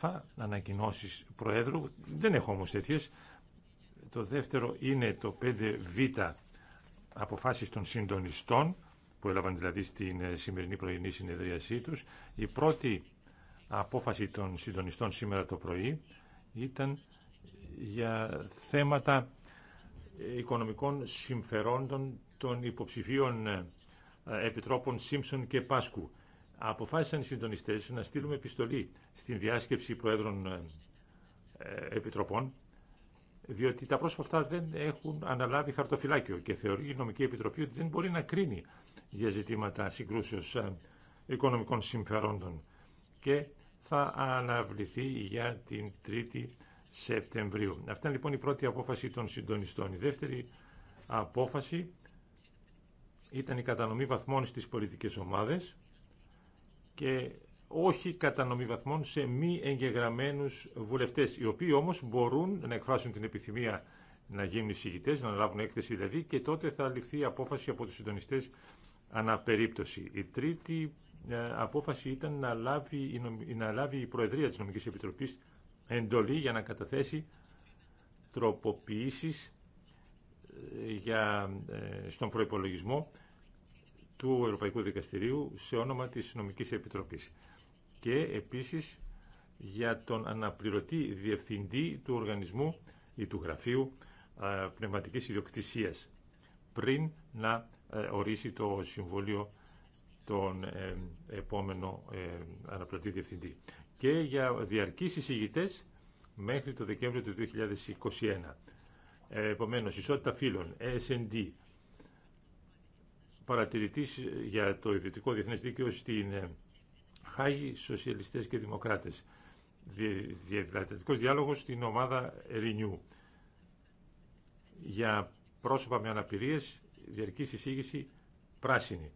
Α, ανακοινώσεις Προέδρου, δεν έχω όμω τέτοιε. Το δεύτερο είναι το 5Β, αποφάσει των συντονιστών, που έλαβαν δηλαδή στην ε, σημερινή πρωινή συνεδρίασή τους. Η πρώτη απόφαση των συντονιστών σήμερα το πρωί ήταν για θέματα ε, οικονομικών συμφερόντων των υποψηφίων ε, επιτρόπων Σίμψον και Πάσκου αποφάσισαν οι συντονιστέ να στείλουμε επιστολή στην διάσκεψη Προέδρων ε, Επιτροπών, διότι τα πρόσωπα αυτά δεν έχουν αναλάβει χαρτοφυλάκιο και θεωρεί η Νομική Επιτροπή ότι δεν μπορεί να κρίνει για ζητήματα συγκρούσεως ε, οικονομικών συμφερόντων και θα αναβληθεί για την 3η Σεπτεμβρίου. Αυτή ήταν λοιπόν η πρώτη απόφαση των συντονιστών. Η δεύτερη απόφαση ήταν η κατανομή βαθμών στις πολιτικές ομάδες και όχι κατά βαθμών σε μη εγγεγραμμένους βουλευτές, οι οποίοι όμως μπορούν να εκφράσουν την επιθυμία να γίνουν εισηγητέ, να λάβουν έκθεση δηλαδή και τότε θα ληφθεί απόφαση από τους συντονιστές αναπερίπτωση. Η τρίτη ε, απόφαση ήταν να λάβει, λάβει η Προεδρία της Νομικής Επιτροπής εντολή για να καταθέσει τροποποιήσεις ε, για, ε, στον προϋπολογισμό του Ευρωπαϊκού Δικαστηρίου σε όνομα της Νομικής Επιτροπής και επίσης για τον αναπληρωτή διευθυντή του οργανισμού ή του γραφείου πνευματικής ιδιοκτησίας πριν να ε, ορίσει το συμβολιο τον ε, επόμενο ε, αναπληρωτή διευθυντή και για διαρκείς εισηγητές μέχρι το Δεκέμβριο του 2021. Επομένως, ισότητα φύλων, S&D, παρατηρητής για το ιδιωτικό διεθνές δίκαιο στην ε, Χάγη Σοσιαλιστές και Δημοκράτες. Διαδικατικός διάλογος στην ομάδα Renew. Για πρόσωπα με αναπηρίες, διαρκή εισήγηση πράσινη.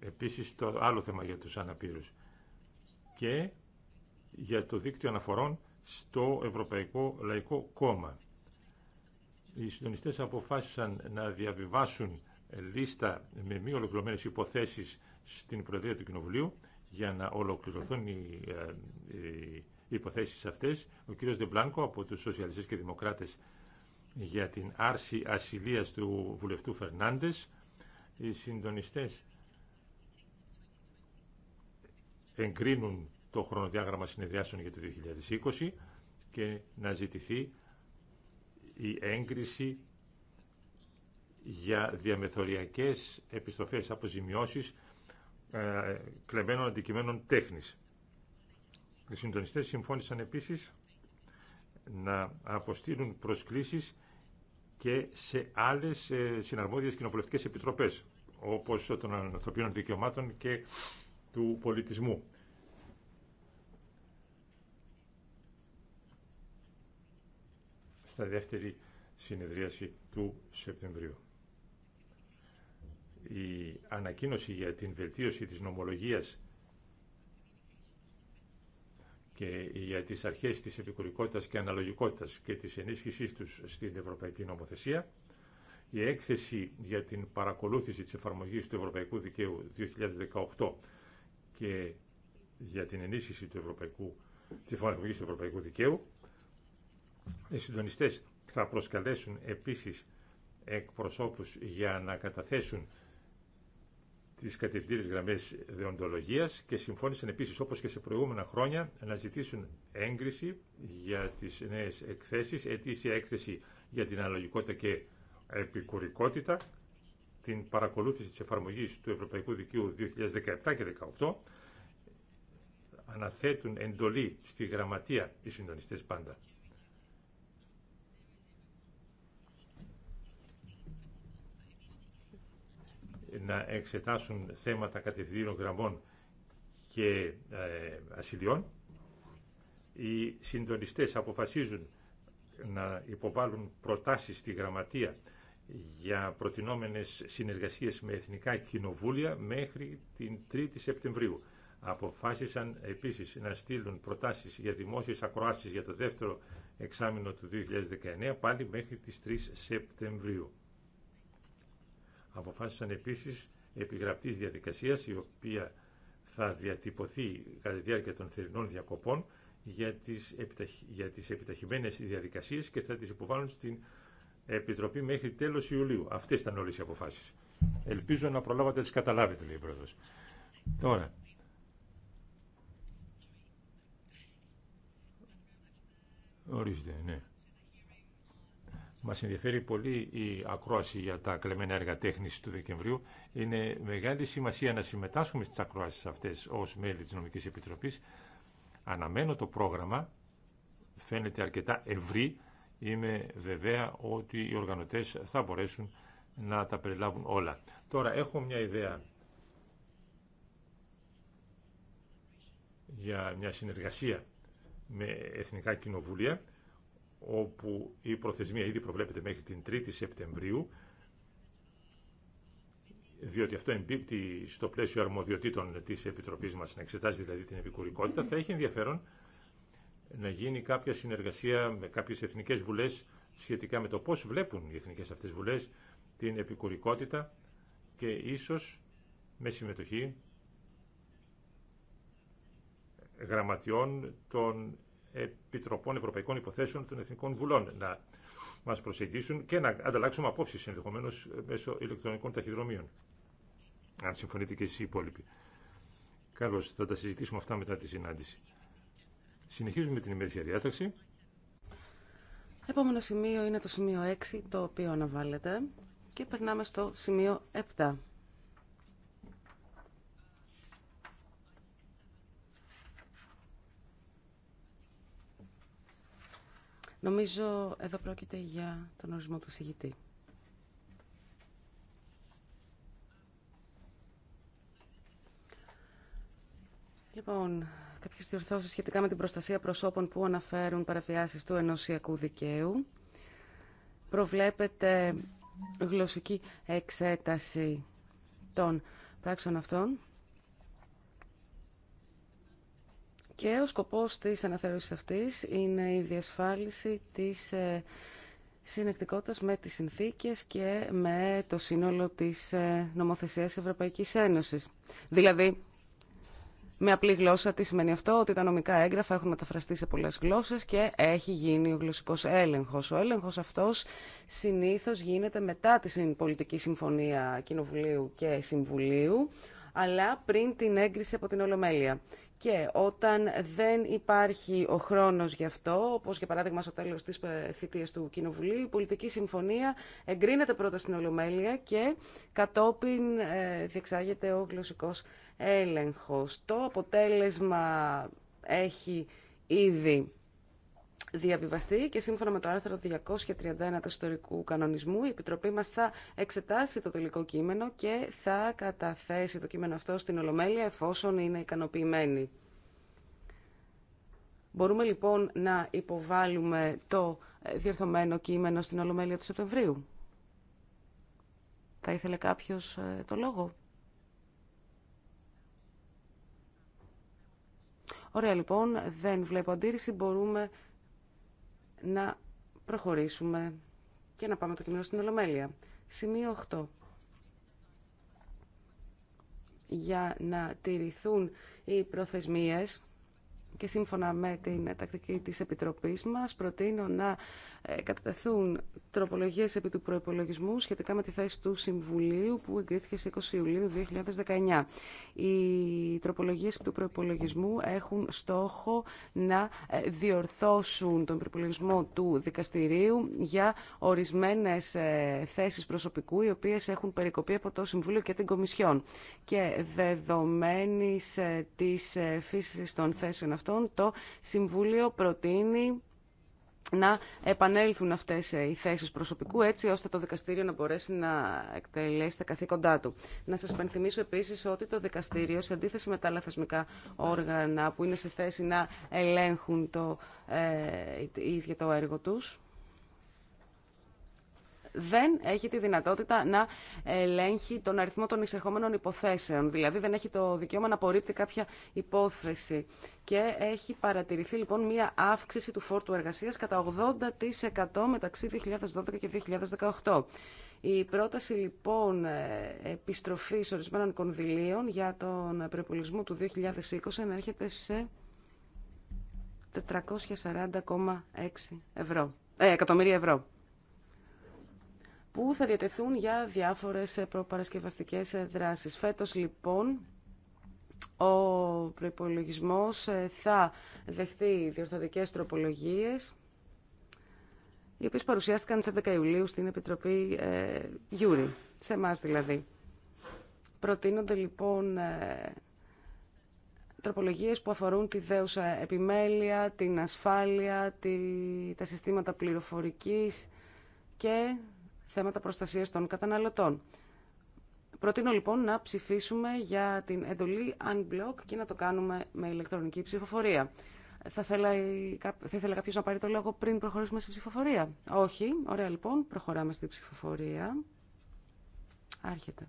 Επίσης το άλλο θέμα για τους αναπήρους. Και για το δίκτυο αναφορών στο Ευρωπαϊκό Λαϊκό Κόμμα. Οι συντονιστέ αποφάσισαν να διαβιβάσουν λίστα με μη ολοκληρωμένε υποθέσει στην Προεδρία του Κοινοβουλίου για να ολοκληρωθούν οι, ε, οι υποθέσεις αυτές. Ο κύριο Δεμπλάνκο από του Σοσιαλιστέ και δημοκράτε για την άρση ασυλίας του βουλευτού Φερνάντε. Οι συντονιστέ, εγκρίνουν το χρονοδιάγραμμα συνεδριάσεων για το 2020 και να ζητηθεί η έγκριση για διαμεθοριακές επιστροφές αποζημιώσεις ε, κλεμμένων αντικειμένων τέχνης. Οι συντονιστές συμφώνησαν επίσης να αποστείλουν προσκλήσεις και σε άλλες ε, συναρμόδιες κοινοβουλευτικές επιτροπές, όπως των ανθρωπίνων δικαιωμάτων και του πολιτισμού. Στα δεύτερη συνεδρίαση του Σεπτεμβρίου η ανακοίνωση για την βελτίωση της νομολογίας και για τις αρχές της επικουρικότητας και αναλογικότητας και της ενίσχυσής τους στην Ευρωπαϊκή Νομοθεσία, η έκθεση για την παρακολούθηση της εφαρμογής του Ευρωπαϊκού Δικαίου 2018 και για την ενίσχυση του Ευρωπαϊκού, της εφαρμογής του Ευρωπαϊκού Δικαίου. Οι συντονιστές θα προσκαλέσουν επίσης εκπροσώπους για να καταθέσουν τι κατευθύνσει γραμμέ δεοντολογίας και συμφώνησαν επίση όπω και σε προηγούμενα χρόνια να ζητήσουν έγκριση για τις νέε εκθέσει, ετήσια έκθεση για την αναλογικότητα και επικουρικότητα, την παρακολούθηση τη εφαρμογή του Ευρωπαϊκού Δικαίου 2017 και 2018, αναθέτουν εντολή στη γραμματεία οι συντονιστέ πάντα να εξετάσουν θέματα κατευθύνων γραμμών και ε, ασυλιών. Οι συντονιστές αποφασίζουν να υποβάλουν προτάσεις στη γραμματεία για προτινόμενες συνεργασίες με εθνικά κοινοβούλια μέχρι την 3η Σεπτεμβρίου. Αποφάσισαν επίσης να στείλουν προτάσεις για δημόσιες ακροάσεις για το δεύτερο εξάμεινο του 2019 πάλι μέχρι τις 3 Σεπτεμβρίου. Αποφάσισαν επίσης επιγραπτής διαδικασίας η οποία θα διατυπωθεί κατά τη διάρκεια των θερινών διακοπών για τις, για τις επιταχυμένες διαδικασίες και θα τις υποβάλουν στην Επιτροπή μέχρι τέλος Ιουλίου. Αυτές ήταν όλες οι αποφάσεις. Ελπίζω να προλάβατε να τις καταλάβετε, λέει η Πρόεδρος. Τώρα, ορίστε, ναι. Μα ενδιαφέρει πολύ η ακρόαση για τα κλεμμένα έργα τέχνης του Δεκεμβρίου. Είναι μεγάλη σημασία να συμμετάσχουμε στις ακρόασεις αυτές ως μέλη της Νομικής Επιτροπής. Αναμένω το πρόγραμμα, φαίνεται αρκετά ευρύ. Είμαι βεβαία ότι οι οργανωτές θα μπορέσουν να τα περιλάβουν όλα. Τώρα έχω μια ιδέα για μια συνεργασία με εθνικά κοινοβούλια όπου η προθεσμία ήδη προβλέπεται μέχρι την 3η Σεπτεμβρίου, διότι αυτό εμπίπτει στο πλαίσιο αρμοδιοτήτων της Επιτροπής μα να εξετάζει δηλαδή την επικουρικότητα, θα έχει ενδιαφέρον να γίνει κάποια συνεργασία με κάποιες εθνικές βουλές σχετικά με το πώς βλέπουν οι εθνικές αυτές βουλές την επικουρικότητα και ίσω με συμμετοχή γραμματιών των Επιτροπών Ευρωπαϊκών Υποθέσεων των Εθνικών Βουλών να μα προσεγγίσουν και να ανταλλάξουμε απόψει ενδεχομένω μέσω ηλεκτρονικών ταχυδρομείων. Αν συμφωνείτε και εσεί οι υπόλοιποι. Καλώ, θα τα συζητήσουμε αυτά μετά τη συνάντηση. Συνεχίζουμε την ημερήσια διάταξη. Επόμενο σημείο είναι το σημείο 6, το οποίο αναβάλλεται. Και περνάμε στο σημείο 7. Νομίζω εδώ πρόκειται για τον ορισμό του συγητή. Λοιπόν, κάποιες διορθώσεις σχετικά με την προστασία προσώπων που αναφέρουν παραβιάσεις του ενωσιακού δικαίου. Προβλέπεται γλωσσική εξέταση των πράξεων αυτών. Και ο σκοπός της αναθεώρησης αυτής είναι η διασφάλιση της ε, συνεκτικότητας με τις συνθήκες και με το σύνολο της ε, νομοθεσίας Ευρωπαϊκής Ένωσης. Δηλαδή, με απλή γλώσσα τι σημαίνει αυτό, ότι τα νομικά έγγραφα έχουν μεταφραστεί σε πολλές γλώσσες και έχει γίνει ο γλωσσικός έλεγχος. Ο έλεγχος αυτός συνήθως γίνεται μετά τη πολιτική συμφωνία Κοινοβουλίου και Συμβουλίου, αλλά πριν την έγκριση από την Ολομέλεια. Και όταν δεν υπάρχει ο χρόνος γι' αυτό, όπως για παράδειγμα στο τέλο τη ε, θητείας του Κοινοβουλίου, η πολιτική συμφωνία εγκρίνεται πρώτα στην Ολομέλεια και κατόπιν ε, διεξάγεται ο γλωσσικός έλεγχος. Το αποτέλεσμα έχει ήδη διαβιβαστεί και σύμφωνα με το άρθρο 231 του ιστορικού κανονισμού η Επιτροπή μας θα εξετάσει το τελικό κείμενο και θα καταθέσει το κείμενο αυτό στην Ολομέλεια εφόσον είναι ικανοποιημένη. Μπορούμε λοιπόν να υποβάλουμε το ε, διερθωμένο κείμενο στην Ολομέλεια του Σεπτεμβρίου. Θα ήθελε κάποιος ε, το λόγο. Ωραία λοιπόν, δεν βλέπω αντίρρηση, μπορούμε να προχωρήσουμε και να πάμε το κείμενο στην Ολομέλεια. Σημείο 8. Για να τηρηθούν οι προθεσμίες και σύμφωνα με την τακτική της Επιτροπής μας προτείνω να ε, κατατεθούν τροπολογίες επί του προϋπολογισμού σχετικά με τη θέση του Συμβουλίου που εγκρίθηκε στις 20 Ιουλίου 2019. Οι τροπολογίες επί του προϋπολογισμού έχουν στόχο να ε, διορθώσουν τον προϋπολογισμό του δικαστηρίου για ορισμένες ε, θέσεις προσωπικού οι οποίες έχουν περικοπεί από το Συμβούλιο και την Κομισιόν. Και δεδομένης της φύσης των θέσεων αυτών το Συμβούλιο προτείνει να επανέλθουν αυτές ε, οι θέσεις προσωπικού έτσι ώστε το δικαστήριο να μπορέσει να εκτελέσει τα καθήκοντά του. Να σας πενθυμίσω επίσης ότι το δικαστήριο σε αντίθεση με τα άλλα θεσμικά όργανα που είναι σε θέση να ελέγχουν το ε, το έργο τους δεν έχει τη δυνατότητα να ελέγχει τον αριθμό των εισερχόμενων υποθέσεων. Δηλαδή δεν έχει το δικαίωμα να απορρίπτει κάποια υπόθεση. Και έχει παρατηρηθεί λοιπόν μία αύξηση του φόρτου εργασίας κατά 80% μεταξύ 2012 και 2018. Η πρόταση λοιπόν επιστροφής ορισμένων κονδυλίων για τον προπολογισμό του 2020 ενέρχεται σε 440,6 ευρώ, ε, εκατομμύρια ευρώ που θα διατεθούν για διάφορες προπαρασκευαστικές δράσεις. Φέτος λοιπόν ο προϋπολογισμός ε, θα δεχθεί διορθωτικές τροπολογίες οι οποίες παρουσιάστηκαν στις 10 Ιουλίου στην Επιτροπή ε, Γιούρι, σε εμά δηλαδή. Προτείνονται λοιπόν ε, τροπολογίες που αφορούν τη δέουσα επιμέλεια, την ασφάλεια, τη, τα συστήματα πληροφορικής και θέματα προστασίας των καταναλωτών. Προτείνω λοιπόν να ψηφίσουμε για την εντολή unblock και να το κάνουμε με ηλεκτρονική ψηφοφορία. Θα ήθελα, θα να πάρει το λόγο πριν προχωρήσουμε στη ψηφοφορία. Όχι. Ωραία λοιπόν. Προχωράμε στην ψηφοφορία. Άρχεται.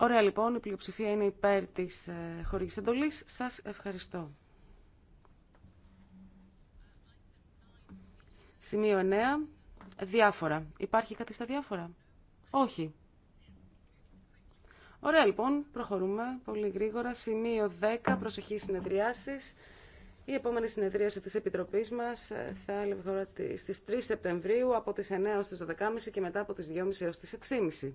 Ωραία λοιπόν, η πλειοψηφία είναι υπέρ της ε, χορηγής εντολής. Σας ευχαριστώ. Σημείο 9. Διάφορα. Υπάρχει κάτι στα διάφορα. Όχι. Ωραία λοιπόν, προχωρούμε πολύ γρήγορα. Σημείο 10. Προσοχή συνεδριάσεις. Η επόμενη συνεδρίαση της Επιτροπής μας ε, θα έλεγε χώρα στις 3 Σεπτεμβρίου από τις 9 ως τις 12.30 και μετά από τις 2.30 ως τις 6.30.